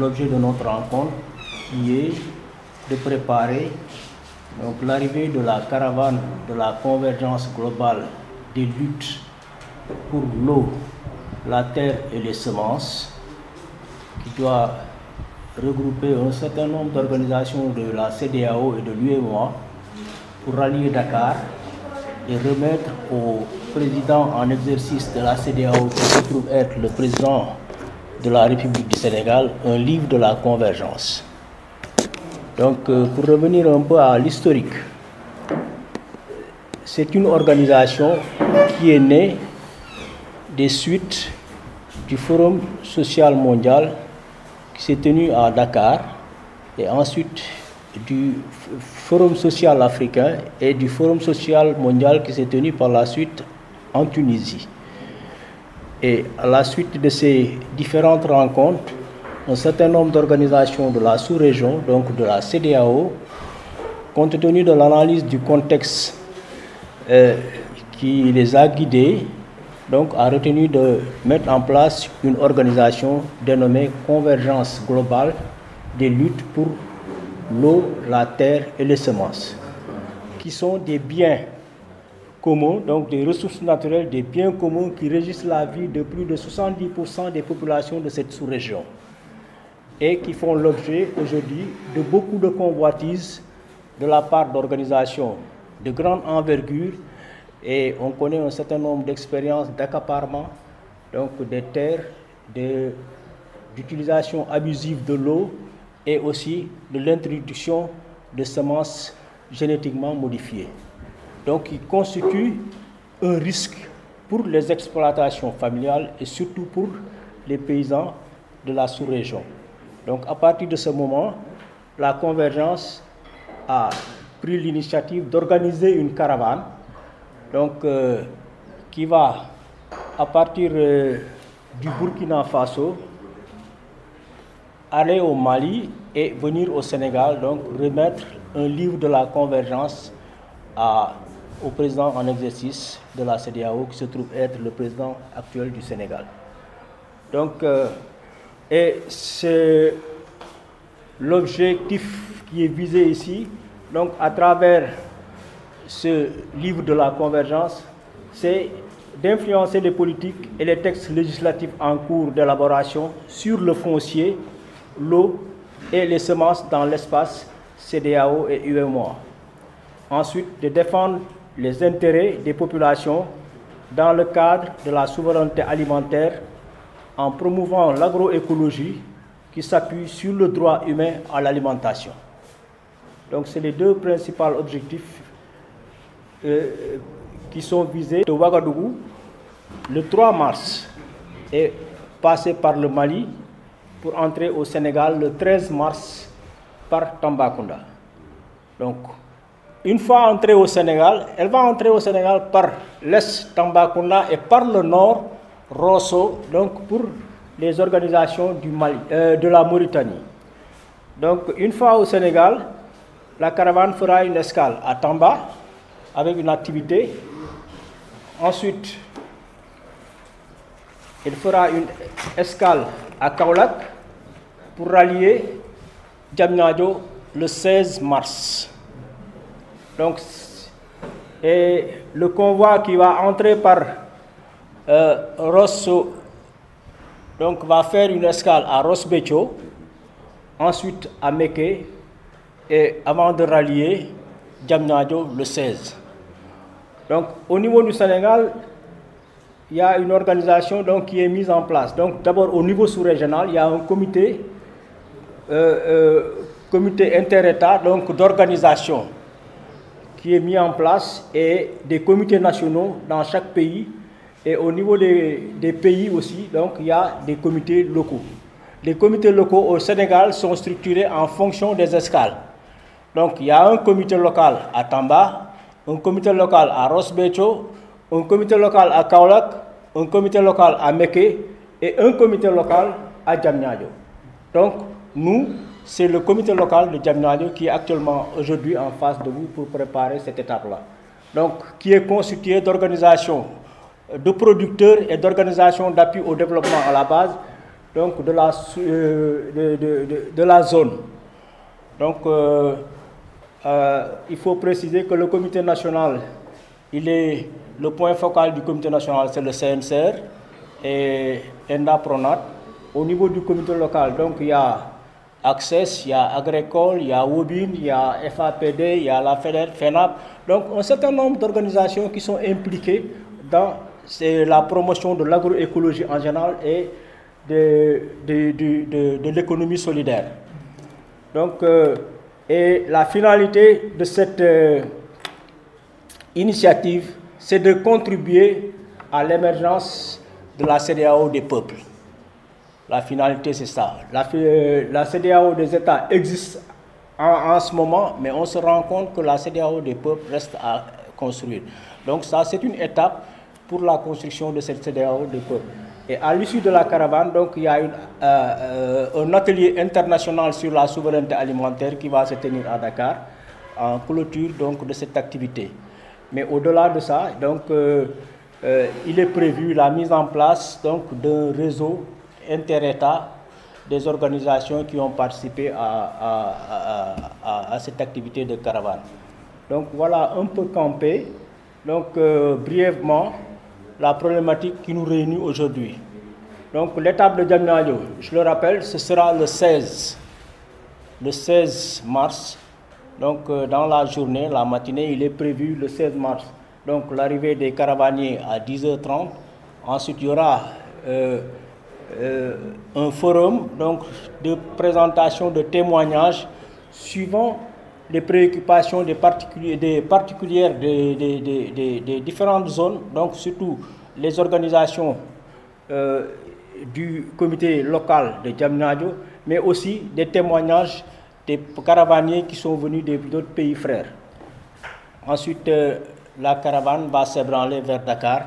l'objet de notre rencontre qui est de préparer l'arrivée de la caravane de la convergence globale des luttes pour l'eau, la terre et les semences, qui doit regrouper un certain nombre d'organisations de la CDAO et de l'UEMOA pour rallier Dakar et remettre au président en exercice de la CDAO, qui se trouve être le président de la République du Sénégal, un livre de la convergence. Donc, euh, pour revenir un peu à l'historique, c'est une organisation qui est née des suites du Forum social mondial qui s'est tenu à Dakar et ensuite du Forum social africain et du Forum social mondial qui s'est tenu par la suite en Tunisie. Et à la suite de ces différentes rencontres, un certain nombre d'organisations de la sous-région, donc de la CDAO, compte tenu de l'analyse du contexte euh, qui les a guidés, donc a retenu de mettre en place une organisation dénommée Convergence globale des luttes pour l'eau, la terre et les semences, qui sont des biens communs, donc des ressources naturelles, des biens communs qui régissent la vie de plus de 70% des populations de cette sous-région et qui font l'objet aujourd'hui de beaucoup de convoitises de la part d'organisations de grande envergure et on connaît un certain nombre d'expériences d'accaparement donc des terres, d'utilisation abusive de l'eau et aussi de l'introduction de semences génétiquement modifiées donc qui constitue un risque pour les exploitations familiales et surtout pour les paysans de la sous-région. Donc à partir de ce moment, la convergence a pris l'initiative d'organiser une caravane donc, euh, qui va à partir euh, du Burkina Faso aller au Mali et venir au Sénégal, donc remettre un livre de la convergence à au président en exercice de la CDAO qui se trouve être le président actuel du Sénégal. Donc, euh, et c'est l'objectif qui est visé ici, donc à travers ce livre de la convergence, c'est d'influencer les politiques et les textes législatifs en cours d'élaboration sur le foncier, l'eau et les semences dans l'espace CDAO et UMOA Ensuite, de défendre les intérêts des populations dans le cadre de la souveraineté alimentaire en promouvant l'agroécologie qui s'appuie sur le droit humain à l'alimentation. Donc c'est les deux principaux objectifs euh, qui sont visés de Ouagadougou le 3 mars et passer par le Mali pour entrer au Sénégal le 13 mars par Tambacounda. Donc une fois entrée au Sénégal, elle va entrer au Sénégal par l'Est, Tambacounda, et par le Nord, Rosso, donc pour les organisations du Mali, euh, de la Mauritanie. Donc une fois au Sénégal, la caravane fera une escale à Tamba avec une activité. Ensuite, elle fera une escale à Kaolack pour rallier Djamnado le 16 mars. Donc, et le convoi qui va entrer par euh, Rosso donc, va faire une escale à Rosbecho, ensuite à Meke, et avant de rallier Djamnado le 16. Donc, au niveau du Sénégal, il y a une organisation qui est mise en place. Donc, d'abord, au niveau sous-régional, il y a un comité, euh, euh, comité inter-État d'organisation qui est mis en place et des comités nationaux dans chaque pays. Et au niveau des, pays aussi, donc, il y a des comités locaux. Les comités locaux au Sénégal sont structurés en fonction des escales. Donc il y a un comité local à Tamba, un comité local à Rosbecho, un comité local à Kaolak, un comité local à Meké et un comité local à Djamnyadjo. Donc nous, c'est le comité local de Djamnadio qui est actuellement aujourd'hui en face de vous pour préparer cette étape-là. Donc, qui est constitué d'organisations, de producteurs et d'organisations d'appui au développement à la base, donc de la, euh, de, la zone. Donc, euh, euh, il faut préciser que le comité national, il est le point focal du comité national, c'est le CNCR et ENDA Pronat. Au niveau du comité local, donc il y a Access, il y a Agricole, il y a Wobin, il y a FAPD, il y a la FENAP. Donc, un certain nombre d'organisations qui sont impliquées dans la promotion de l'agroécologie en général et de, de, l'économie solidaire. Donc, euh, et la finalité de cette euh, initiative, c'est de contribuer à l'émergence de la CDAO des peuples. La finalité, c'est ça. La, euh, la CDAO des États existe en, ce moment, mais on se rend compte que la CDAO des peuples reste à construire. Donc ça, c'est une étape pour la construction de cette CDAO des peuples. Et à l'issue de la caravane, donc, il y a une, euh, euh, un atelier international sur la souveraineté alimentaire qui va se tenir à Dakar en clôture donc, de cette activité. Mais au-delà de ça, donc, il est prévu la mise en place d'un réseau inter état des organisations qui ont participé à, cette activité de caravane. Donc voilà un peu campé. Donc euh, brièvement, la problématique qui nous réunit aujourd'hui. Donc l'étape de Djamnaïo, je le rappelle, ce sera le 16, le 16 mars. Donc euh, dans la journée, la matinée, il est prévu le 16 mars. Donc l'arrivée des caravaniers à 10h30. Ensuite, il y aura euh, euh, un forum donc, de présentation de témoignages suivant les préoccupations des, particuliers, des particulières des, différentes zones, donc surtout les organisations euh, du comité local de Djamnadio, mais aussi des témoignages des caravaniers qui sont venus d'autres pays frères. Ensuite, euh, la caravane va s'ébranler vers Dakar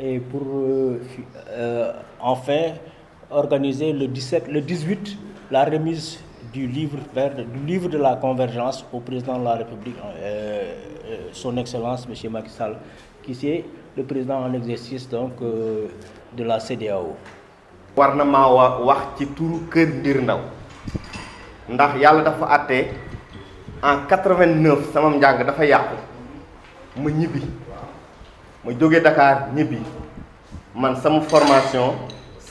et pour euh, enfin organiser le, 17, le 18 la remise du livre, du livre de la convergence au président de la République, euh, euh, son Excellence M. Macky Sall, qui est le président en exercice donc, euh, de la CDAO. que wa wax ci turu keur ndax yalla dafa até en 89 sama njang dafa ma ñibi ma à Dakar ñibi man sama formation.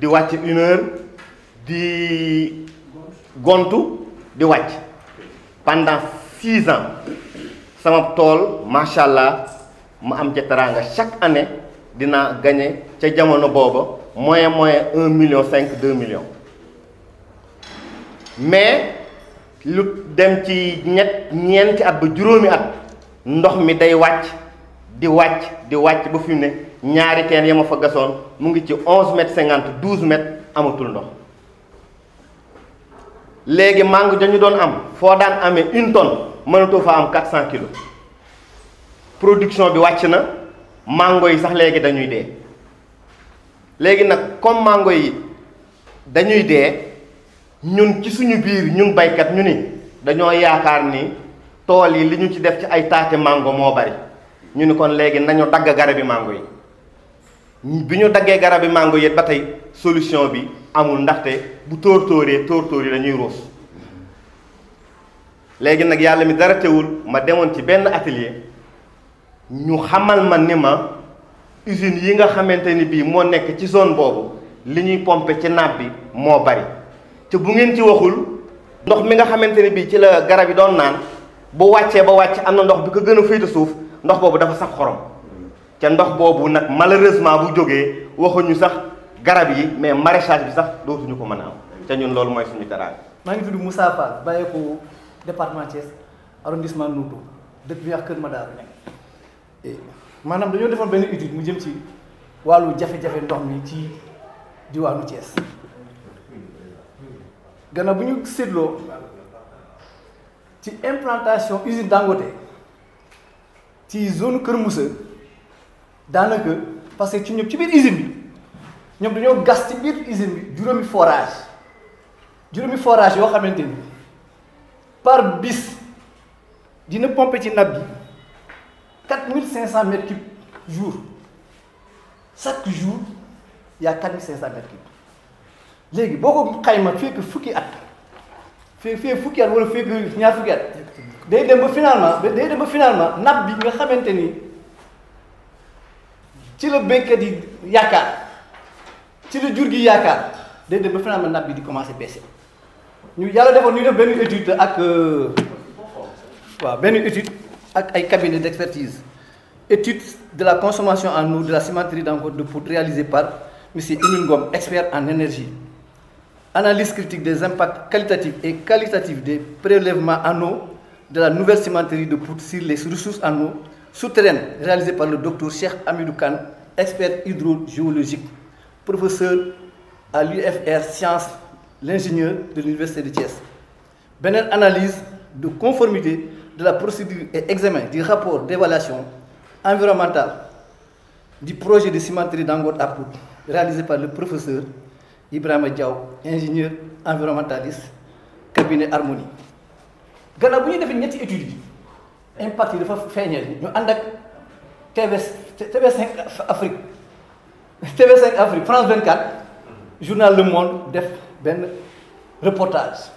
di wacc une heure di gontu di wacc pendant six ans sama tool machallah ma am ca teraanga chaque année dina gagné ca jamono booba moyen moyen un million cinq deux millions mais lu dem ci ñett ñeenti at ba juróomi at ndox mi day wàcc di wàcc di wàcc ba fi mu ne ñaari teen yama fa gasson mu ngi ci 11 mètres 50 12 mètres amatul ndox légui màng jañu doon am fo daan amé une tonne mënatoo fa am 400 kg production bi wacc na mango yi sax légui dañuy dé légui nak comme mango yi dañuy dé ñun ci suñu biir ñun baykat ñu ni dañoo yaakaar ni tool yi li ñu ci def ci ay taate mango moo bari ñu ni kon léegi nañu dagg garabi mango yi bi ñu daggee garab yi mango yet ba tey solution bi amul ndaxte bu tóor tóoree tóor tóor yi dañuy ruus léegi nag yàlla mi dara teewul ma demoon ci benn atelier ñu xamal ma ni ma usine yi nga xamante ni bii moo nekk ci zone boobu li ñuy pompe ci naab bi moo bari te bu ngeen ci waxul ndox mi nga xamante ni bii ci la garab yi doon naan bu wàccee ba wàcc am na ndox bi ko gën a féete suuf ndox boobu dafa sax xorom ca ndox boobu nag malheureusement bu jógee waxuñu sax garab yi mais maraîchage bi sax dootuñu ko mën a am te ñun loolu mooy suñu dara maa ngi du Moussa Fall bàyyeeku département Thiès arrondissement Ndoundou dëkk bi ak Kër ma daal eh, maanaam dañoo defoon benn étude mu jëm ci wàllu jafe-jafe ndox mi ci diwaanu Thiès gannaaw bu ñu séetloo ci implantation usine Dangote ci zone Kër Moussa. danaka parce que ci ñoom ci biir usine bi ñoom dañoo gas ci biir usine bi juróomi forage juróomi forage yoo xamante ni par bis dina pomper ci nappe bi 4500 mille cinq cent mètres cubes jour chaque jour y a 4500 mille cinq cent mètres cubes léegi boo ko xayma fekk fukki at fee fee fukki at wala fekk ñaar fukki at day dem ba finalement day dem ba finalement nappe bi nga xamante ni. Si le béykat yi yaakaar ci le jur gi yaakaar day dem ba finalement bi di commencé baissé ñu yàlla defoon ñu def étude ak euh, waaw étude ak ay cabinet d'expertise étude de la consommation en eau de la cimenterie de poudre réalisée par monsieur Emile expert en énergie analyse critique des impacts qualitatifs et qualitatifs des prélèvements en eau de la nouvelle cimenterie de poudre sur les ressources en eau souterraine réalisée par le docteur Cheikh Amidou expert hydrogéologique, professeur à l'UFR Sciences, l'ingénieur de l'Université de Thiès. Benel analyse de conformité de la procédure et examen du rapport d'évaluation environnementale du projet de cimenterie d'Angot à réalisé par le professeur Ibrahim Diaw, ingénieur environnementaliste, cabinet Harmonie. Gana, vous avez fait impact yi dafa feeñal ñu ànd ak TV TV5 Afrique TV5 Afrique France 24 journal Le Monde def benn reportage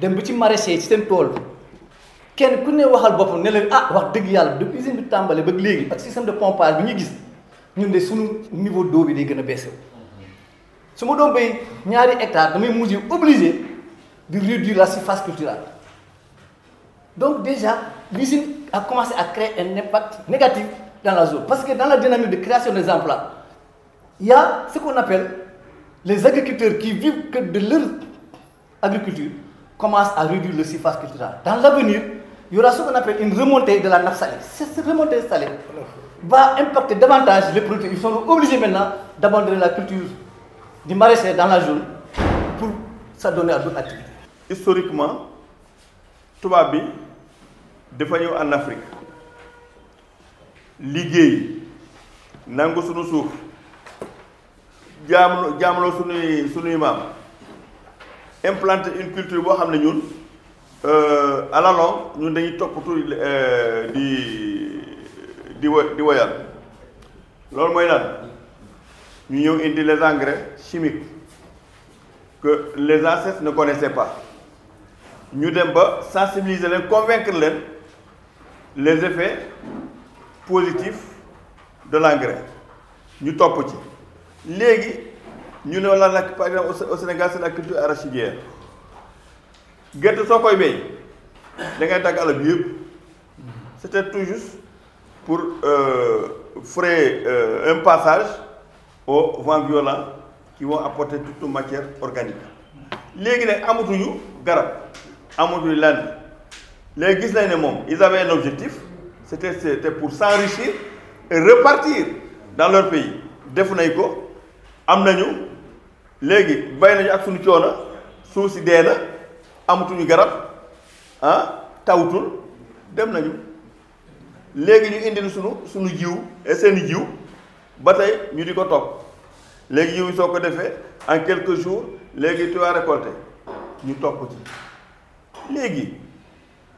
dem bi ci maraîcher ci seen tool kenn ku ne waxal boppam ne leen ah wax dëgg yàlla depuis usine bi tàmbale ba léegi ak système de pompage bi ñu gis ñun de suñu niveau d'eau bi day gën a baissé su ma doon béy ñaari hectare damay mujj obligé di réduire la surface culturale donc déjà l'usine a commencé à créer un impact négatif dans la zone. Parce que dans la dynamique de création des emplois, il y a ce qu'on appelle les agriculteurs qui vivent que de leur agriculture commencent à réduire le surface culturel Dans l'avenir, il y aura ce qu'on appelle une remontée de la nappe salée. Cette remontée salée va impacter davantage les produits Ils sont obligés maintenant d'abandonner la culture du maraîcher dans la zone pour s'adonner à d'autres activités. Historiquement, bien dafa ñëw en Afrique liggéey nangu sunu suuf jaamlo jaamloo sunuy sunuy maam implanter une culture boo xam ne ñun euh, à la longue ñun dañuy toppatu euh, di di di woyal loolu mooy lan ñu ñëw indi les engrais chimiques que les ancêtres ne connaissaient pas ñu dem ba sensibiliser les, convaincre leen les effets positifs de l'engrais ñu topp ci Légui, ñu la par exemple au Sénégal c'est la culture arachidière gerte soo koy béy da ngay dagg àll c'était tout juste pour euh, euh, un passage aux vents violents qui vont apporter toute matière organique léegi nag amatuñu garab amatuñu lenn les gis nañ ne ils avaient un objectif c'était c'était pour s'enrichir et repartir dans leur pays Defunaiko, nañ Legi, am nañu léegi bay nañu ak suñu garab ah tawutul dem nañu léegi ñu indil suñu suñu jiw et seen jiw ba tey ñu di ko topp en quelques jours Legi, tu as récolté ñu top ci léegi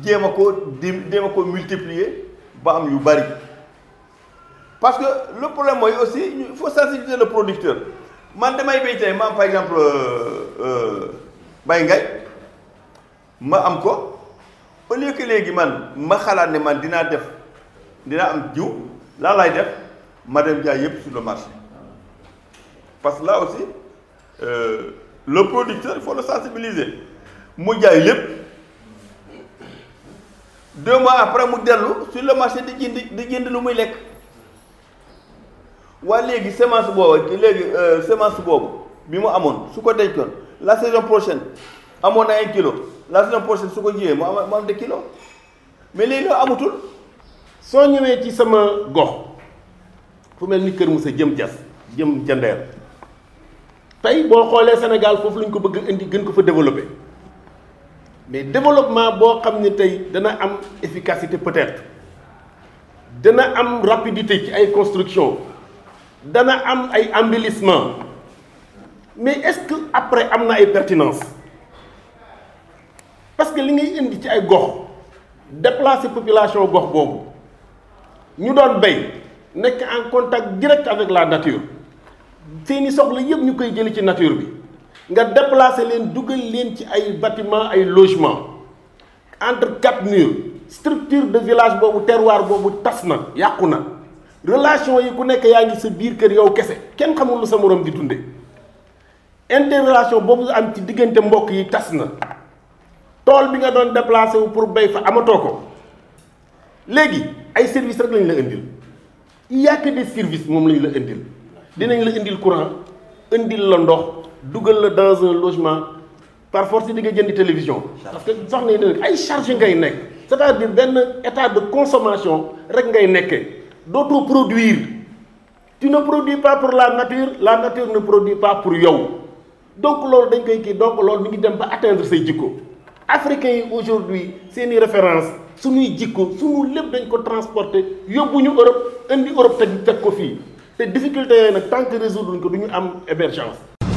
jéem ko koo di multiplier ba am yu bari parce que le problème moy aussi il faut sensibiliser le producteur man damay béy tey ma par exemple euh, euh, bay ngay ma am ko au lieu que légui man ma xalaat ne man dina def dina am jiw la lay def ma dem jaay yëpp sur le marché parce que là aussi euh, le producteur il faut le sensibiliser mu jaay lépp deux mois après mu delu sur le marché di jëndi di jënd lu muy lekk waa léegi semence legui euh, semence boobu bi mu amone su ko dencoon la saison prochaine amoon 1 kilo la saison prochaine su ko jiyee mu am 2 kilo mais léegi lo amatul so ñewé ci sama gox fu mel ni mu Moussa jëm jas jëm jandeer tay bo xolé Sénégal fofu luñ ko bëgg indi gën ko fa développer mais développement de xamni tay dana am efficacité peut-être dana am rapidité ci ay construction dana am ay embellissement mais est-ce que après y ay pertinence parce que li ngay indi ci ay gox déplacer population gox bobu ñu doon Bay nek en contact direct avec la nature seeni soxla yeb ñu koy ci nature nga déplacer len duggal len ci ay bâtiment ay logement entre quatre murs structure de village bobu terroir bobu tasna yakuna relation yi ku nek yaa ngi sa biir kër yow kessé kenn xamul lu sa morom di dunde interrelation bobu am ci digënté mbokk yi tasna tol bi nga doon déplacé wu pour bay fa amatoo ko léegi ay service rek lañ la il y a que des services mom lañ la indil dinañ la indil courant indil la ndox Google dans un logement par force de nga de télévision. parce que sax ne nek ay charge ngay nek. c'est-à-dire un état de consommation rek ngay nek. dootoo produire tu ne produis pas pour la nature la nature ne produit pas pour yow donc l'ordre dañ koy ki donc loolu mi ngi dem ba atteindre say jikko. africains aujourd'hui, c'est une référence suñuy jikko suñu lépp dañ ko transporter yóbbuñu Europe indi Europe teg ko fi. te difficulté tant que résoudre ko du émergence